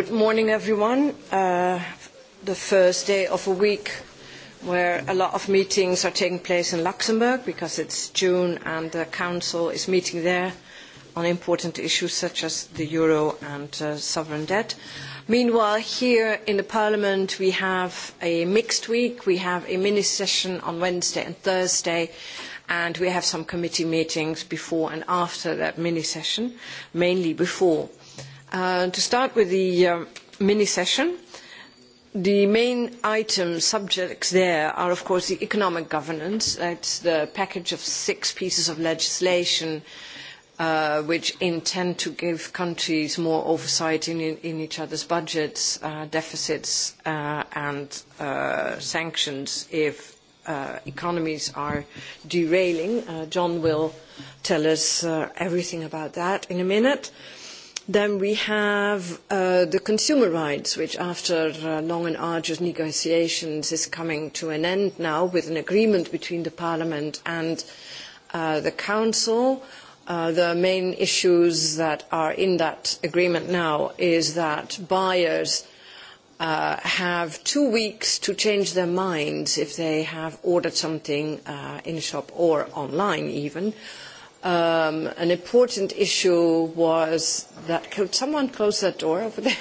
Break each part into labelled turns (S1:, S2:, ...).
S1: Good morning, everyone. Uh, the first day of a week where a lot of meetings are taking place in Luxembourg because it's June and the Council is meeting there on important issues such as the euro and uh, sovereign debt. Meanwhile, here in the Parliament, we have a mixed week. We have a mini session on Wednesday and Thursday, and we have some committee meetings before and after that mini session, mainly before. Uh, to start with the uh, mini session, the main item subjects there are, of course, the economic governance. That's the package of six pieces of legislation uh, which intend to give countries more oversight in, in each other's budgets, uh, deficits, uh, and uh, sanctions if uh, economies are derailing. Uh, John will tell us uh, everything about that in a minute. Uh, Then we have uh, the consumer rights, which after uh, long and arduous negotiations is coming to an end now with an agreement between the Parliament and uh, the Council. Uh, the main issues that are in that agreement now is that buyers uh, have two weeks to change their minds if they have ordered something uh, in a shop or online even. Uh, um, an important issue was that could someone close that door over there?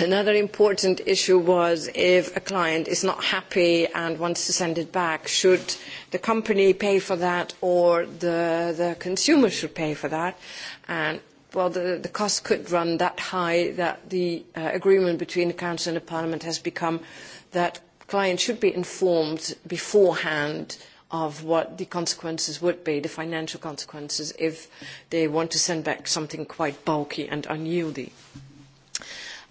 S1: Another important issue was if a client is not happy and wants to send it back, should the company pay for that or the, the consumer should pay for that? And well, the, the cost could run that high that the uh, agreement between the Council and the Parliament has become that clients should be informed beforehand uh, of what the consequences would be, the financial consequences, if they want to send back something quite bulky and unyieldy.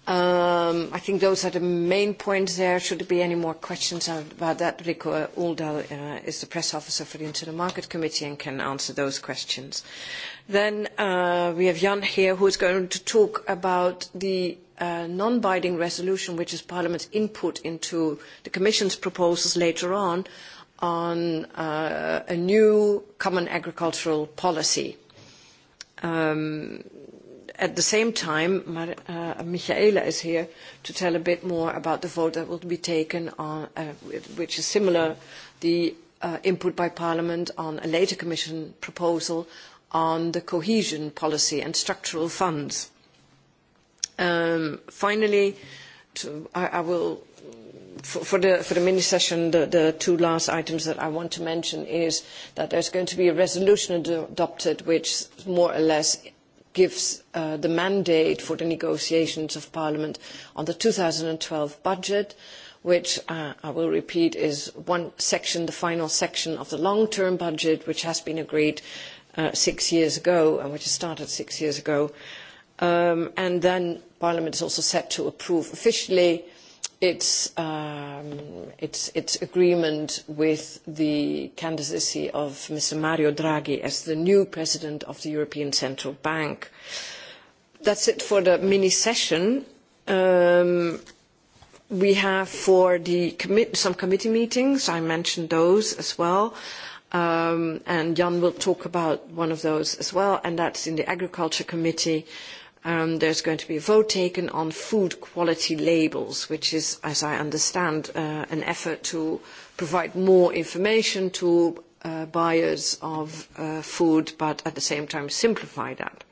S1: Um, I think those are the main points there. Should there be any more questions about that, Rico Uldal uh, is the press officer for the Internal Market Committee and can answer those questions. Then uh, we have Jan here who is going to talk about the uh, non-binding resolution, which is Parliament's input into the Commission's proposals later on, on uh, a new common agricultural policy. Um, at the same time, Mar uh, Michaela is here to tell a bit more about the vote that will be taken on, uh, which is similar, the uh, input by Parliament on a later Commission proposal on the cohesion policy and structural funds. Um, finally, to, I, I will for, for, the, for the mini session, the, the two last items that I want to mention is that there's going to be a resolution adopted which more or less gives uh, the mandate for the negotiations of Parliament on the 2012 budget, which uh, I will repeat is one section, the final section of the long-term budget, which has been agreed uh, six years ago and which started six years ago. Um, and then Parliament is also set to approve officially its, um, its, its agreement with the candidacy of Mr. Mario Draghi as the new president of the European Central Bank. That's it for the mini session. Um, we have for the commit some committee meetings, I mentioned those as well. Um, and Jan will talk about one of those as well, and that's in the Agriculture Committee um, there's going to be a vote taken on food quality labels, which is, as I understand, uh, an effort to provide more information to uh, buyers of uh, food, but at the same time simplify that.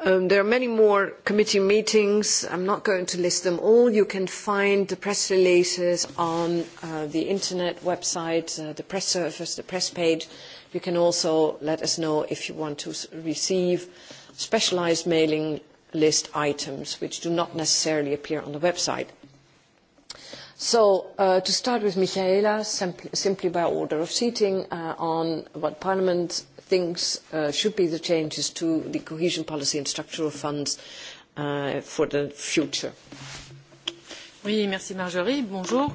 S1: Um, there are many more committee meetings. I'm not going to list them all. You can find the press releases on uh, the internet website, uh, the press service, the press page. You can also let us know if you want to receive uh, specialised mailing list items which do not necessarily appear on the website. So uh, to start with Michaela, simply, simply by order of seating uh, on what Parliament thinks uh, should be the changes to the cohesion policy and structural funds uh, for the future.
S2: Oui, merci Marjorie. Bonjour.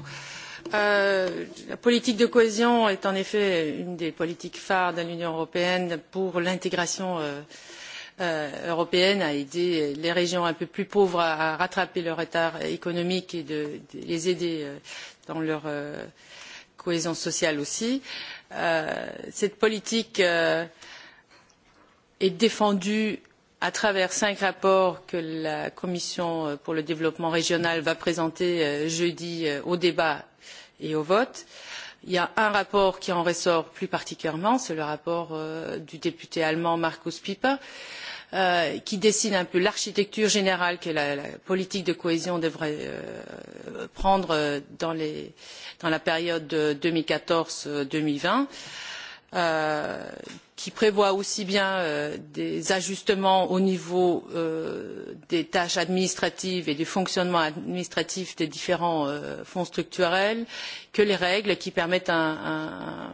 S2: Euh, la politique de cohésion est en effet une des politiques phares de l'Union européenne pour l'intégration euh, euh, européenne à aider les régions un peu plus pauvres à, à rattraper leur retard économique et de, de les aider euh, dans leur euh, cohésion sociale aussi. Euh, cette politique euh, est défendue à travers cinq rapports que la Commission euh, pour le développement régional va présenter euh, jeudi au débat et au vote. Euh, Il y a un rapport qui en ressort plus particulièrement, c'est le rapport euh, du député allemand Markus Pieper, euh, qui dessine un peu l'architecture générale que la, la politique de cohésion devrait euh, prendre euh, dans, les, dans la période 2014-2020. Euh, qui prévoit aussi bien euh, des ajustements au niveau euh, des tâches administratives et du fonctionnement administratif des différents euh, fonds structurels que les règles qui permettent un, un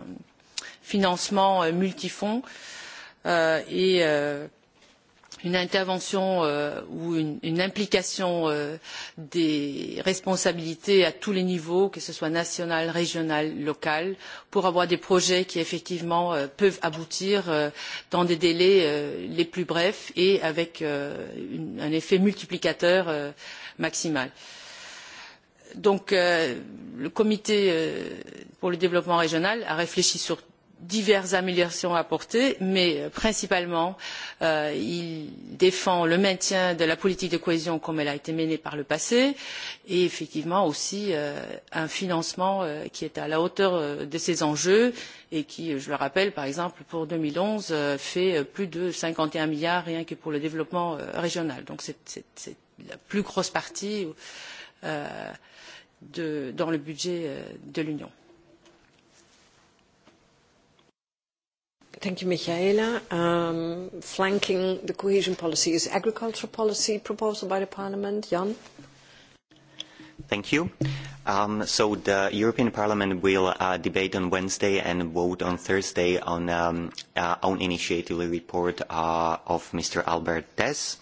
S2: financement euh, multifonds euh, et une intervention euh, ou une, une implication euh, des responsabilités à tous les niveaux, que ce soit national, régional, local, pour avoir des projets qui effectivement euh, peuvent aboutir euh, dans des délais euh, les plus brefs et avec euh, une, un effet multiplicateur euh, maximal. Donc euh, le comité euh, pour le développement régional a réfléchi sur diverses améliorations apportées, mais euh, principalement, euh, il défend le maintien de la politique de cohésion comme elle a été menée par le passé et effectivement aussi euh, un financement euh, qui est à la hauteur euh, de ces enjeux et qui, euh, je le rappelle, par exemple, pour deux mille onze, fait plus de cinquante et un milliards rien que pour le développement régional. Donc c'est la plus grosse partie de, dans le budget de l'Union.
S1: Thank you, Michaela. Um, flanking the cohesion policy is agricultural policy proposal by the Parliament. Jan?
S3: Thank you. Um, so the European Parliament will uh, debate on Wednesday and vote on Thursday on um, uh, own initiative report uh, of Mr. Albert Tess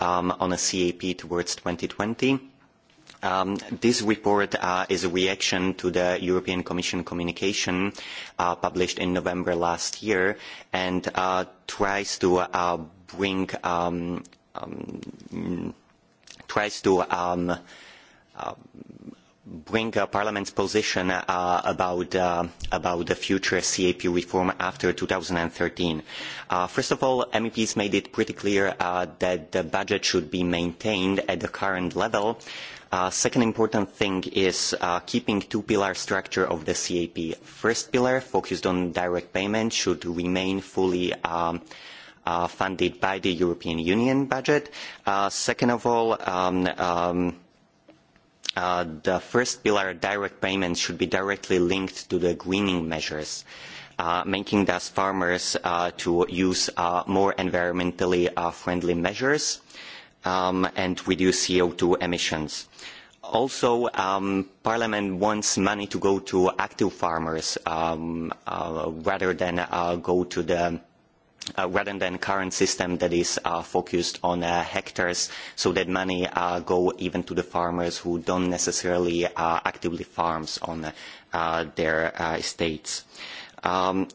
S3: um, on a CAP towards 2020. Um, this report uh, is a reaction to the European Commission communication uh, published in November last year and uh, tries to uh, bring um, um, tries to um, uh, bring uh, Parliament's position uh, about, uh, about the future CAP reform after 2013. Uh, first of all, MEPs made it pretty clear uh, that the budget should be maintained at the current level. Uh, second important thing is uh, keeping two-pillar structure of the CAP. First pillar, focused on direct payment, should remain fully um, uh, funded by the European Union budget. Uh, second of all, um, um, Uh, the first pillar, direct payments, should be directly linked to the greening measures, uh, making thus farmers uh, to use uh, more environmentally uh, friendly measures um, and reduce CO2 emissions. Also, um, Parliament wants money to go to active farmers um, uh, rather than uh, go to the uh, rather than current system that is uh, focused on uh, hectares so that money uh, go even to the farmers who don't necessarily uh, actively farms on uh, their uh, estates. Um,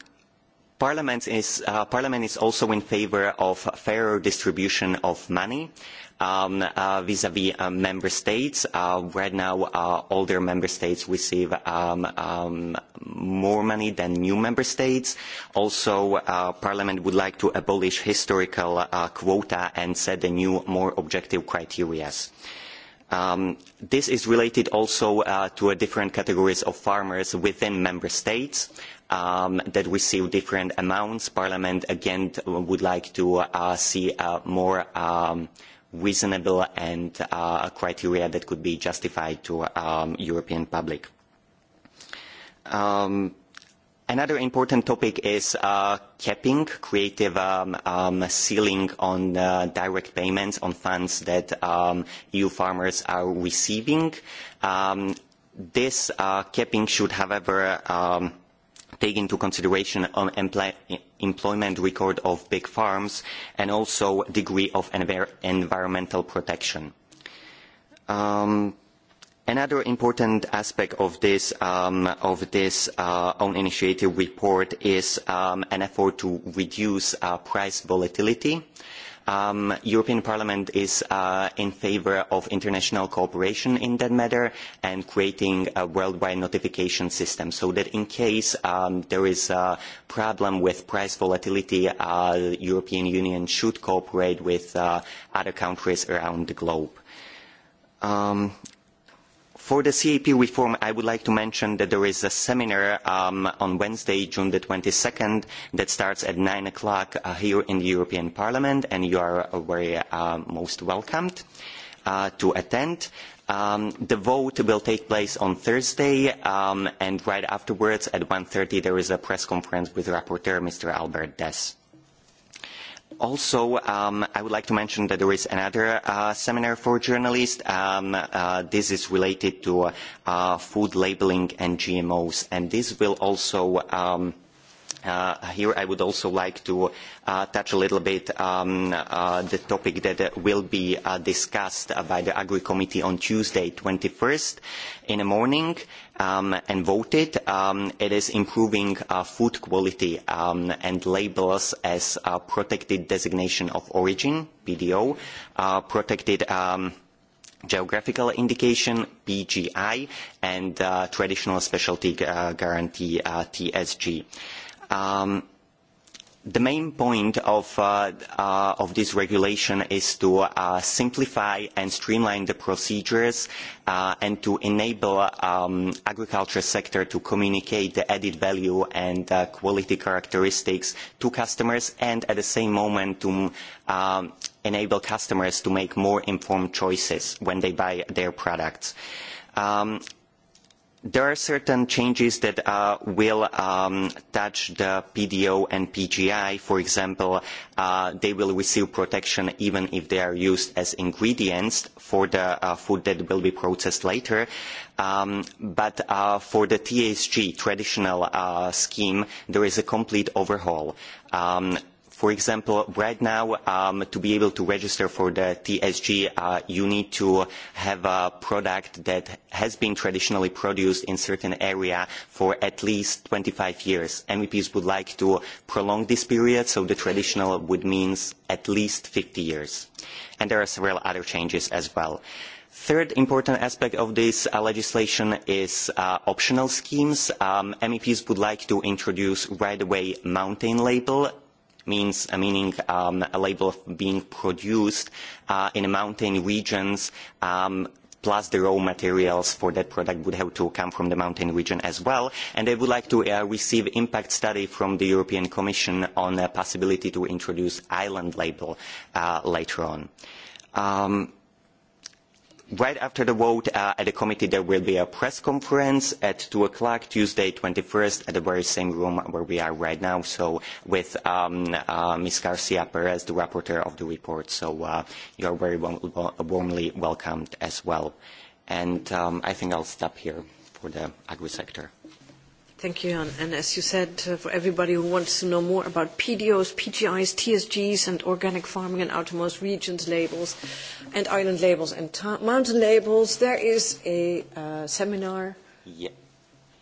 S3: Parliament is, uh, Parliament is also in favour of fairer distribution of money vis vis -vis, uh, member states. Uh, right now, uh, older member states receive um, um, more money than new member states. Also, uh, Parliament would like to abolish historical uh, quota and set a new, more objective criteria. Um, this is related also uh, to different categories of farmers within member states um, that we see different amounts. Parliament again would like to uh, see uh, more um, reasonable and uh, criteria that could be justified to um, European public. Um, Another important topic is uh, capping, creative um, um, ceiling on uh, direct payments on funds that um, EU farmers are receiving. Um, this uh, capping should, however, um, take into consideration on um, e, employment record of big farms and also degree of environmental protection. Um, another important aspect of this, um, of this uh, own initiative report is um, an effort to reduce uh, price volatility. Uh, Um, European Parliament is uh, in favour of international cooperation in that matter and creating a worldwide notification system so that in case um, there is a problem with price volatility, uh, the European Union should cooperate with uh, other countries around the globe. Um, For the CAP reform, I would like to mention that there is a seminar um, on Wednesday, June the 22nd, that starts at nine o'clock uh, here in the European Parliament, and you are uh, very uh, most welcomed uh, to attend. Um, the vote will take place on Thursday, um, and right afterwards at one thirty there is a press conference with Rapporteur Mr. Albert Dess also, um, I would like to mention that there is another uh, seminar for journalists. Um, uh, this is related to uh, food labeling and GMOs, and this will also um, – Uh, here I would also like to uh, touch a little bit um, uh, the topic that will be uh, discussed by the Agri Committee on Tuesday, 21st in the morning um, and voted. Um, it is improving uh, food quality um, and labels as a protected designation of origin, PDO, uh, protected um, geographical indication, PGI, and traditional specialty guarantee, TSG. Um, the main point of, uh, uh, of this regulation is to uh, simplify and streamline the procedures uh, and to enable um, agriculture sector to communicate the added value and uh, quality characteristics to customers and at the same moment to um, enable customers to make more informed choices when they buy their products. Um, there are certain changes that uh, will um, touch the PDO and PGI. For example, uh, they will receive protection even if they are used as ingredients for the uh, food that will be processed later. Um, but uh, for the TSG traditional uh, scheme, there is a complete overhaul. Um, For example, right now, um, to be able to register for the TSG, uh, you need to have a product that has been traditionally produced in certain area for at least 25 years. MEPs would like to prolong this period, so the traditional would mean at least 50 years. And there are several other changes as well. Third important aspect of this uh, legislation is uh, optional schemes. Um, MEPs would like to introduce right away mountain label means uh, meaning um, a label of being produced uh, in mountain regions um, plus the raw materials for that product would have to come from the mountain region as well. And they would like to uh, receive impact study from the European Commission on the possibility to introduce island label uh, later on. Um, right after the vote uh, at the committee there will be a press conference at two o'clock Tuesday 21st at the very same room where we are right now so with um, uh, Ms. Garcia Perez the rapporteur of the report so uh, you are very warmly welcomed as well and um, I think I'll stop here for the agri sector
S1: Thank you, Jan. And as you said, uh, for everybody who wants to know more about PDOs, PGIs, TSGs, and organic farming and outermost regions labels, and island labels and mountain labels, there is a uh, seminar.
S3: Yeah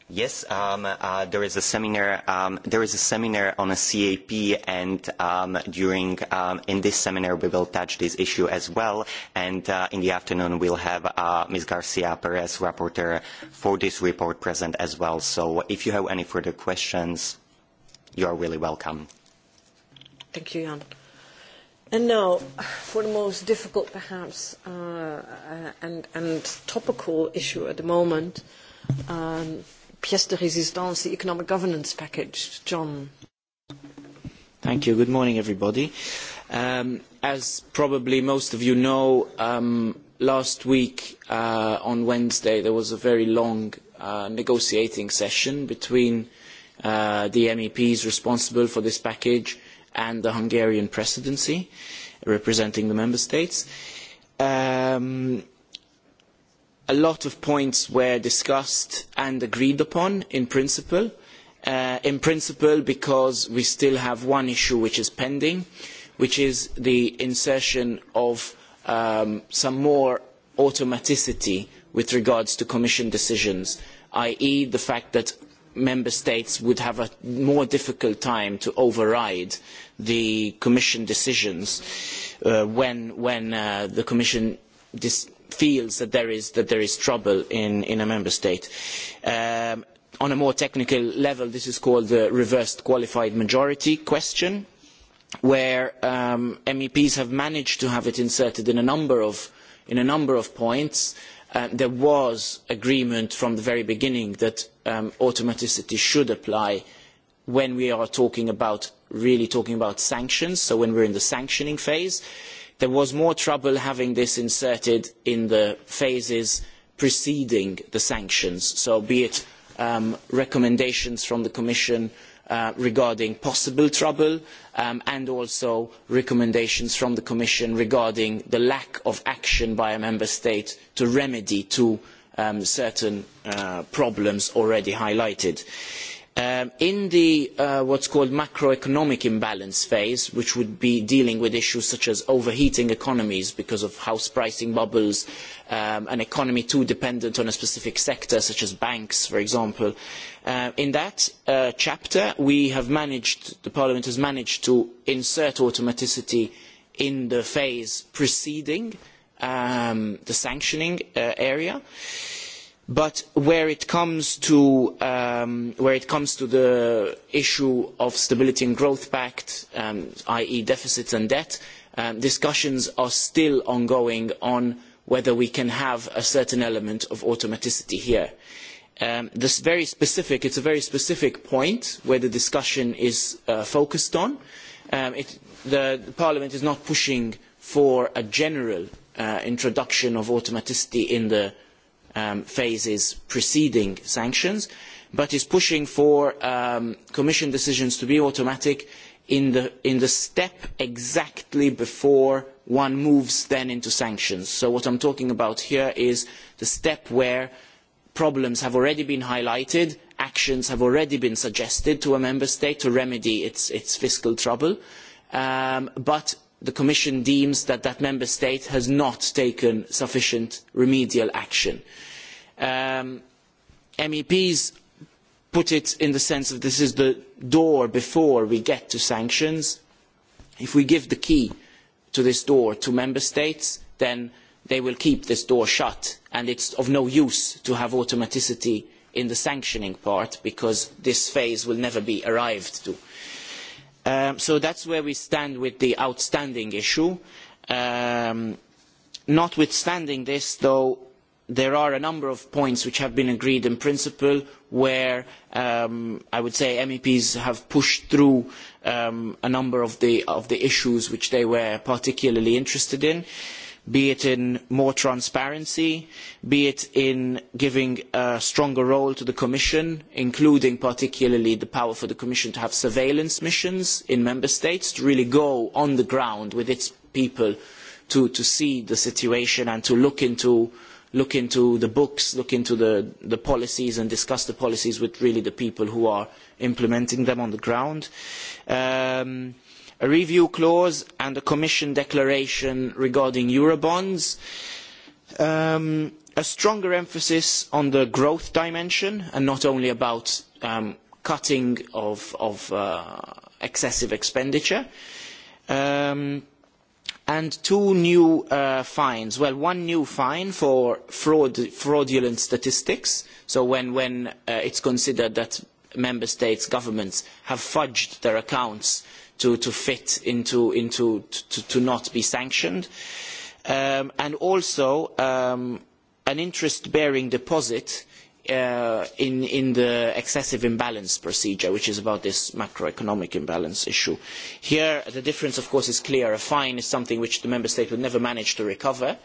S3: Yes, um, uh, there is a seminar. Um, there is a seminar on a CAP, and um, during um, in this seminar we will touch this issue as well. And uh, in the afternoon we'll have uh, Ms. Garcia Perez, rapporteur for this report, present as well. So if you have any further questions, you are really welcome.
S1: Thank you, Jan. And now, for the most difficult, perhaps, uh, uh and and topical issue at the moment. Um, pièce de résistance, the economic governance package. John.
S4: Thank you. Good morning, everybody. Um, as probably most of you know, um, last week uh, on Wednesday there was a very long uh, negotiating session between uh, the MEPs responsible for this package and the Hungarian presidency representing the member states. Um, a lot of points were discussed and agreed upon in principle. Uh, in principle because we still have one issue which is pending, which is the insertion of um, some more automaticity with regards to Commission decisions, i. e. the fact that member states would have a more difficult time to override the Commission decisions uh, when, when uh, the Commission feels that there is, that there is trouble in, in a member state. Um, on a more technical level, this is called the reversed qualified majority question, where um, MEPs have managed to have it inserted in a number of, in a number of points. Um, there was agreement from the very beginning that um, automaticity should apply when we are talking about, really talking about sanctions, so when we are in the sanctioning phase. Uh, There was more trouble having this inserted in the phases preceding the sanctions, so be it um, recommendations from the Commission uh, regarding possible trouble um, and also recommendations from the Commission regarding the lack of action by a Member State to remedy to um, certain uh, problems already highlighted. Uh, Um, in the uh, what's called macroeconomic imbalance phase, which would be dealing with issues such as overheating economies because of house pricing bubbles, um, an economy too dependent on a specific sector, such as banks, for example. Uh, in that uh, chapter, we have managed, the Parliament has managed to insert automaticity in the phase preceding um, the sanctioning uh, area. Uh, But where it comes to um, where it comes to the issue of stability and growth pact, um, i.e. deficits and debt, um, discussions are still ongoing on whether we can have a certain element of automaticity here. Um, this very specific, it's a very specific point where the discussion is uh, focused on. Um, it, the, the Parliament is not pushing for a general uh, introduction of automaticity in the um, phases preceding sanctions, but is pushing for um, Commission decisions to be automatic in the, in the step exactly before one moves then into sanctions. So what I am talking about here is the step where problems have already been highlighted, actions have already been suggested to a member state to remedy its, its fiscal trouble, um, but the Commission deems that that member state has not taken sufficient remedial action um, MEPs put it in the sense that this is the door before we get to sanctions. If we give the key to this door to member states, then they will keep this door shut and it is of no use to have automaticity in the sanctioning part because this phase will never be arrived to. Um, so that is where we stand with the outstanding issue. Um, notwithstanding this, though, there are a number of points which have been agreed in principle where um, I would say MEPs have pushed through um, a number of the, of the, issues which they were particularly interested in, be it in more transparency, be it in giving a stronger role to the Commission, including particularly the power for the Commission to have surveillance missions in Member States, to really go on the ground with its people to, to see the situation and to look into uh, look into the books, look into the, the policies and discuss the policies with really the people who are implementing them on the ground. Um, a review clause and a commission declaration regarding Eurobonds. Um, a stronger emphasis on the growth dimension and not only about um, cutting of, of uh, excessive expenditure. Um, and two new uh, fines. Well, one new fine for fraud, fraudulent statistics, so when, when uh, it's considered that member states' governments have fudged their accounts to, to fit into, into to, to not be sanctioned. Um, and also um, an interest-bearing deposit uh, in, in the excessive imbalance procedure, which is about this macroeconomic imbalance issue. Here, the difference, of course, is clear. A fine is something which the member state would never manage to recover,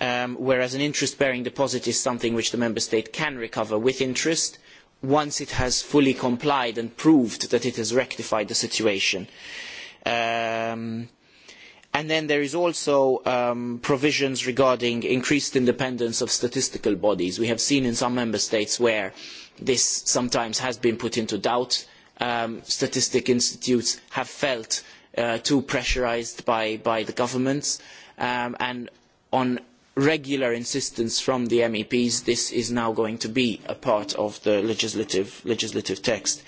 S4: um, whereas an interest-bearing deposit is something which the member state can recover with interest once it has fully complied and proved that it has rectified the situation. Um, And then there is also um, provisions regarding increased independence of statistical bodies. We have seen in some member states where this sometimes has been put into doubt. Um, statistic institutes have felt uh, too pressurised by, by, the governments. Um, and on regular insistence from the MEPs, this is now going to be a part of the legislative, legislative text.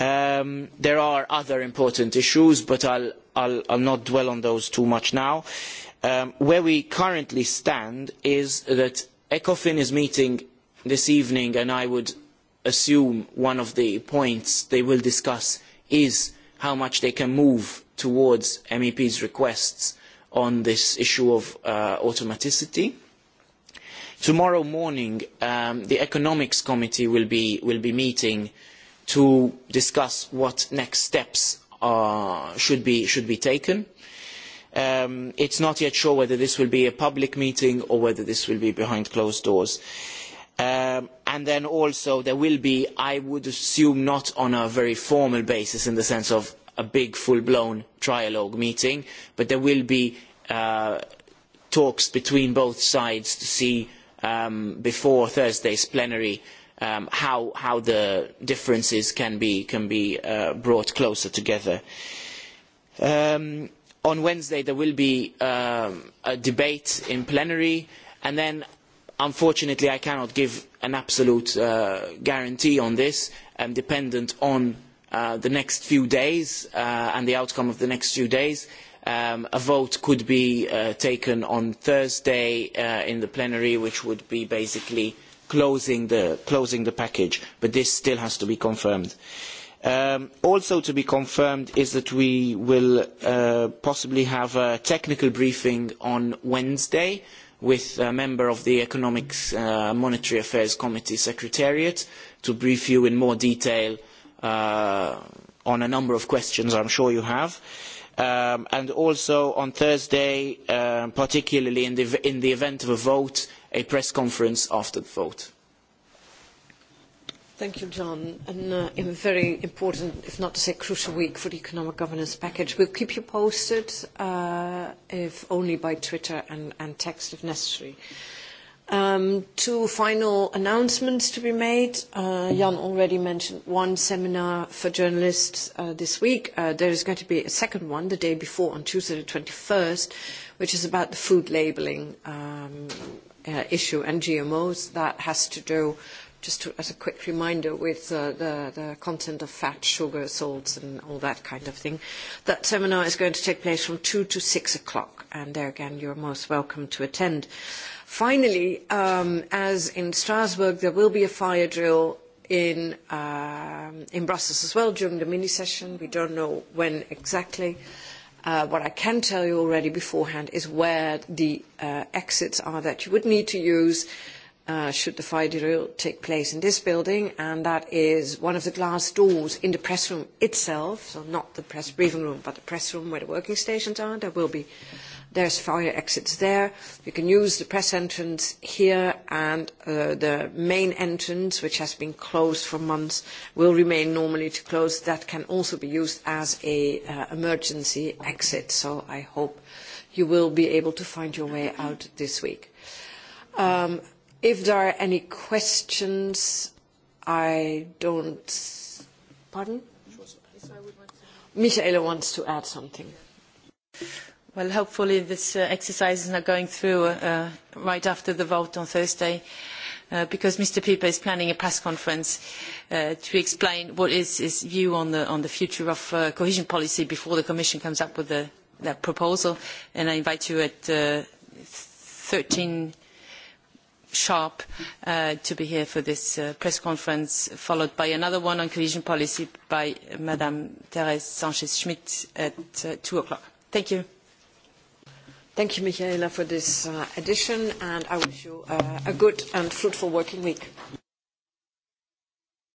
S4: Um, there are other important issues, but I will I'll, I'll not dwell on those too much now. Um, where we currently stand is that ECOFIN is meeting this evening, and I would assume one of the points they will discuss is how much they can move towards MEPs' requests on this issue of uh, automaticity. Tomorrow morning, um, the Economics Committee will be, will be meeting to discuss what next steps Uh, should, be, should be taken. Um, it's not yet sure whether this will be a public meeting or whether this will be behind closed doors. Um, and then also there will be, I would assume not on a very formal basis in the sense of a big full-blown trialogue meeting, but there will be uh, talks between both sides to see um, before Thursday's plenary uh, um, how, how the differences can be, can be uh, brought closer together. Um, on Wednesday there will be um, a debate in plenary and then unfortunately I cannot give an absolute uh, guarantee on this um, dependent on uh, the next few days uh, and the outcome of the next few days. Um, a vote could be uh, taken on Thursday uh, in the plenary which would be basically closing the, closing the package, but this still has to be confirmed. Um, also to be confirmed is that we will uh, possibly have a technical briefing on Wednesday with a member of the Economic uh, Monetary Affairs Committee Secretariat to brief you in more detail uh, on a number of questions I am sure you have. Um, and also on Thursday, um, particularly in the, in the event of a vote, a press conference after the vote.
S1: Thank you, John. And uh, in a very important, if not to say crucial week for the economic governance package. We'll keep you posted, uh, if only by Twitter and, and text if necessary. Um, two final announcements to be made. Uh, Jan already mentioned one seminar for journalists uh, this week. Uh, there is going to be a second one the day before on Tuesday the 21st, which is about the food labelling um, uh, issue and GMOs. That has to do, just to, as a quick reminder, with uh, the, the content of fat, sugar, salts and all that kind of thing. That seminar is going to take place from 2 to 6 o'clock, and there again you're most welcome to attend. Finally, um, as in Strasbourg, there will be a fire drill in, uh in Brussels as well during the mini session. We don't know when exactly. Uh, what I can tell you already beforehand is where the uh, exits are that you would need to use uh, should the fire drill take place in this building, and that is one of the glass doors in the press room itself, so not the press briefing room, but the press room where the working stations are. There will be. There's fire exits there. You can use the press entrance here and uh, the main entrance, which has been closed for months, will remain normally to close. That can also be used as a uh, emergency exit. So I hope you will be able to find your way out this week. Um, if there are any questions, I don't... Pardon? Michaela wants to add something.
S2: Well, hopefully this uh, exercise is not going through uh, uh right after the vote on Thursday. Uh, because Mr. Pieper is planning a press conference uh, to explain what is his view on the, on the future of uh, cohesion policy before the Commission comes up with the, that proposal. And I invite you at uh, 13 sharp uh, to be here for this uh, press conference, followed by another one on cohesion policy by Madame Therese Sanchez-Schmidt at uh, 2 o'clock.
S1: Thank you. Thank you, Michaela, for this uh, addition, and I wish you uh, a good and fruitful working week.